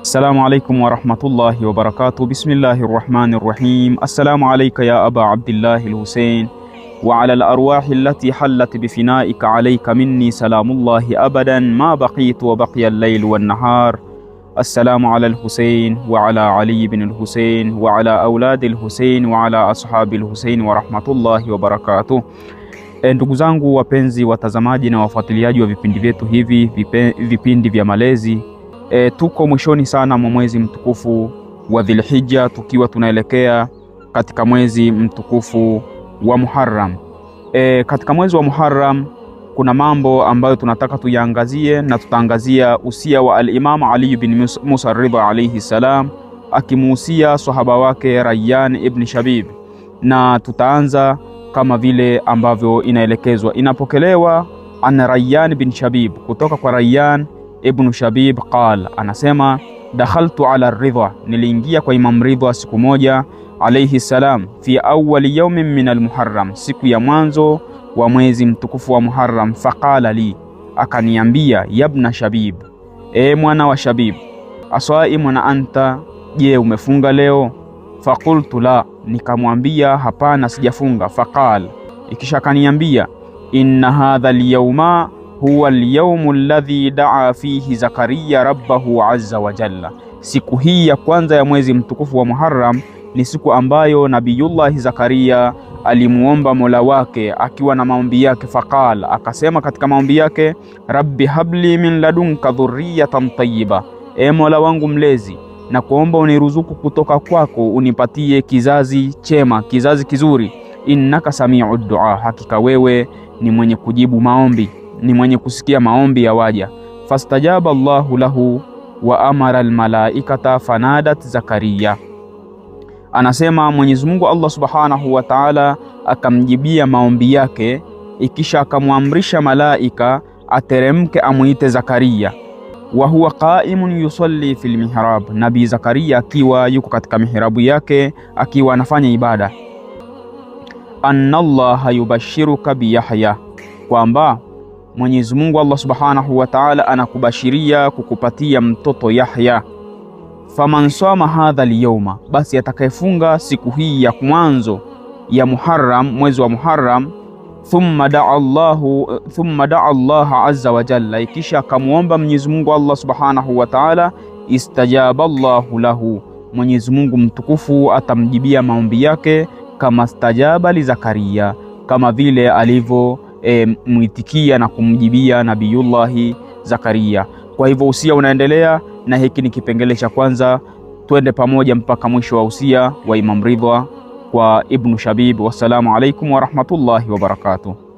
السلام عليكم ورحمة الله وبركاته بسم الله الرحمن الرحيم السلام عليك يا أبا عبد الله الحسين وعلى الأرواح التي حلت بفنائك عليك مني سلام الله أبدا ما بقيت وبقي الليل والنهار السلام على الحسين وعلى علي بن الحسين وعلى أولاد الحسين وعلى أصحاب الحسين ورحمة الله وبركاته eh, Ndugu zangu wapenzi watazamaji na wafuatiliaji wa vipindi vyetu hivi, vipindi vya malezi E, tuko mwishoni sana mwa mwezi mtukufu wa Dhilhijja tukiwa tunaelekea katika mwezi mtukufu wa Muharram. E, katika mwezi wa Muharram kuna mambo ambayo tunataka tuyaangazie na tutaangazia usia wa al-Imam Ali ibn Musa Ridha alayhi salam akimuhusia sahaba wake Rayyan ibn Shabib, na tutaanza kama vile ambavyo inaelekezwa. Inapokelewa an Rayyan bin Shabib kutoka kwa Rayyan Ibnu Shabib qal, anasema dakhaltu ala Ridha, niliingia kwa Imam Ridha siku moja alayhi salam, fi awwali yaumin min almuharram, siku ya mwanzo wa mwezi mtukufu wa Muharram. Faqala li, akaniambia yabna Shabib, e mwana wa Shabib, asaimu na anta, je umefunga leo? Faqultu la, nikamwambia hapana, sijafunga. Faqal, ikisha kaniambia inna hadha lyauma huwa alyaumu alladhi daa fihi Zakaria rabbahu azza wa jalla, siku hii ya kwanza ya mwezi mtukufu wa Muharram ni siku ambayo Nabiyullahi Zakaria alimuomba Mola wake akiwa na maombi yake, faqala, akasema katika maombi yake, rabbi habli min ladunka dhurriyatan tayyiba, e Mola wangu mlezi na kuomba uniruzuku kutoka kwako unipatie kizazi chema, kizazi kizuri. Innaka samiu du'a, hakika wewe ni mwenye kujibu maombi ni mwenye kusikia maombi ya waja. Fastajaba Allahu lahu wa amara almalaikata fanadat Zakariya. Anasema Mwenyezi Mungu Allah Subhanahu wa Ta'ala akamjibia maombi yake, ikisha akamwamrisha malaika ateremke amuite Zakariya. Wa huwa qaimun yusalli fil mihrab, Nabii Zakariya akiwa yuko katika mihrabu yake akiwa anafanya ibada. Anna Allaha yubashiruka biyahya, kwamba Mwenyezi Mungu Allah Subhanahu wa Ta'ala anakubashiria kukupatia mtoto Yahya. Faman sama hadha lyauma, basi atakayefunga siku hii ya mwanzo ya Muharram, mwezi wa Muharram, thumma daa Allahu thumma daa Allah azza wa jalla, ikisha akamwomba Mwenyezi Mungu Allah Subhanahu wa Ta'ala, istajaba Allahu lahu, Mwenyezi Mungu mtukufu atamjibia maombi yake kama stajaba li Zakaria, kama vile alivyo e, mwitikia na kumjibia Nabiyullahi Zakaria. Kwa hivyo usia unaendelea na hiki ni kipengele cha kwanza. Twende pamoja mpaka mwisho wa usia wa Imam Ridha kwa Ibnu Shabib. Wassalamu alaikum warahmatullahi wabarakatuh.